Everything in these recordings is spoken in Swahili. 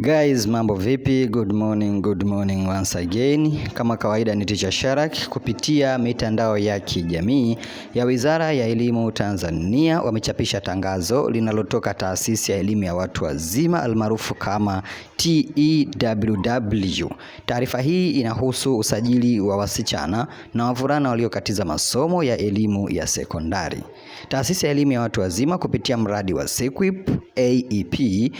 Guys, mambo vipi? Good morning, good morning once again. Kama kawaida ni Teacher Sharak. Kupitia mitandao ya kijamii ya Wizara ya Elimu Tanzania wamechapisha tangazo linalotoka Taasisi ya Elimu ya Watu Wazima almaarufu kama TEWW. Taarifa hii inahusu usajili wa wasichana na wavulana waliokatiza masomo ya elimu ya sekondari. Taasisi ya elimu ya watu wazima kupitia mradi wa SEQUIP AEP e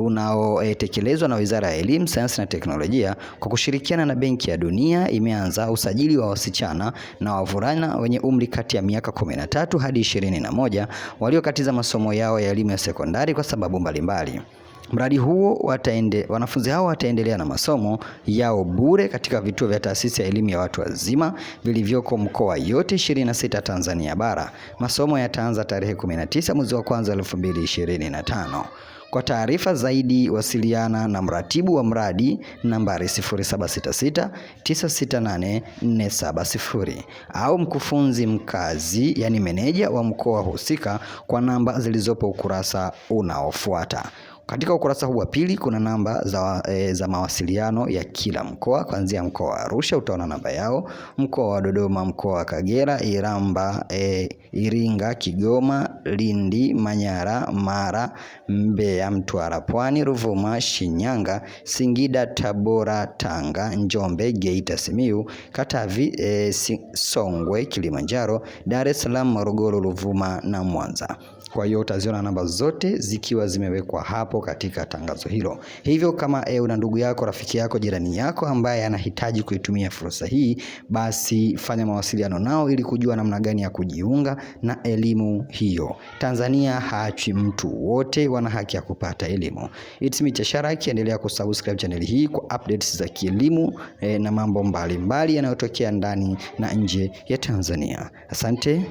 unaotekelezwa na Wizara ya Elimu, Sayansi na Teknolojia kwa kushirikiana na Benki ya Dunia imeanza usajili wa wasichana na wavulana wenye umri kati ya miaka 13 hadi 21 waliokatiza masomo yao ya elimu ya sekondari kwa sababu mbalimbali. Mradi huo wataende, wanafunzi hao wataendelea na masomo yao bure katika vituo vya taasisi ya elimu ya watu wazima vilivyoko mkoa yote 26 Tanzania bara. Masomo yataanza tarehe 19 mwezi wa kwanza 2025. Kwa taarifa zaidi wasiliana na mratibu wa mradi nambari 0766 968 470 au mkufunzi mkazi, yani meneja wa mkoa husika kwa namba zilizopo ukurasa unaofuata. Katika ukurasa huu wa pili kuna namba za, e, za mawasiliano ya kila mkoa. Kuanzia mkoa wa Arusha utaona namba yao, mkoa wa Dodoma, mkoa wa Kagera, Iramba e, Iringa, Kigoma, Lindi, Manyara, Mara, Mbeya, Mtwara, Pwani, Ruvuma, Shinyanga, Singida, Tabora, Tanga, Njombe, Geita, simiu Katavi, e, Songwe, Kilimanjaro, Dar es Salaam, Morogoro, Ruvuma na Mwanza. Kwa hiyo utaziona namba zote zikiwa zimewekwa hapo katika tangazo hilo. Hivyo kama e, una ndugu yako, rafiki yako, jirani yako ambaye anahitaji kuitumia fursa hii, basi fanya mawasiliano nao ili kujua namna gani ya kujiunga na elimu hiyo. Tanzania haachwi mtu, wote wana haki ya kupata elimu. It's me Chasharaki, endelea kusubscribe channel hii kwa updates za kielimu eh, na mambo mbalimbali yanayotokea ndani na nje ya Tanzania. Asante.